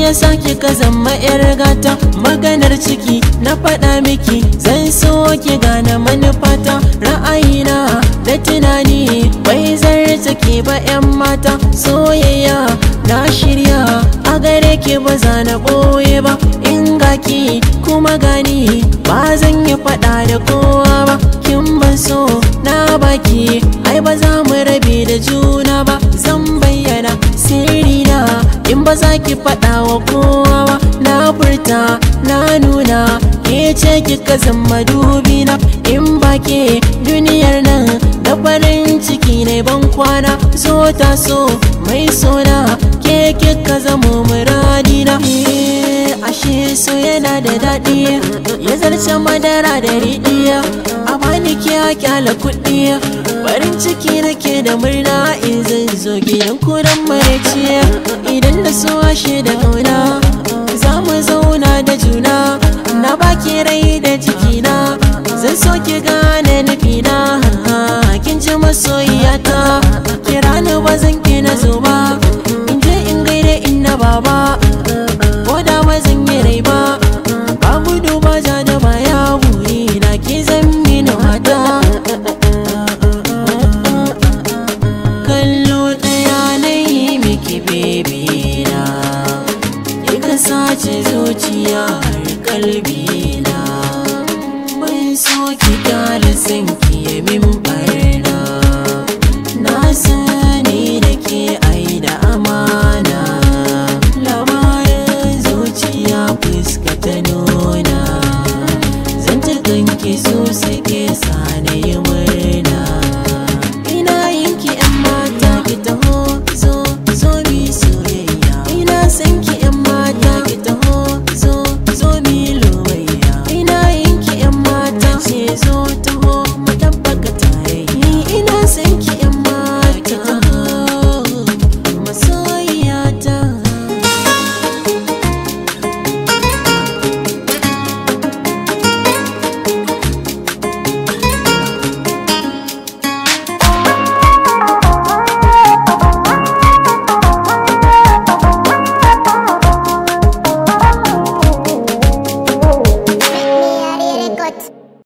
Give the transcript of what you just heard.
yasa kika zama yar gata maganar ciki na faɗa miki zan so ke gane manufata ra'ayina da tunani bai zan ki ba 'yan mata soyayya na shirya a gare ke ba za na ba in gaki kuma gani ba zan yi faɗa da kowa ba kin ban so na baki ai ba za mu rabe da juna ba zan bayyana sirri na in ba za ki faɗa wa kowa ba na furta na nuna ke ce ka zama na in ba ke duniyar nan da farin ciki ne ban kwana so ta so mai sona ke ka zama so yana da daɗi ya zarce madara da riɗiya a bani a kyala kuɗi farin ciki nake da murna in zan zo gidan kuran mareciya idan da su ashe da kauna za mu zauna da juna na baki rai da jikina zan so ki gane nufina kin ji masoyi ce zuciya har ban so ki kara san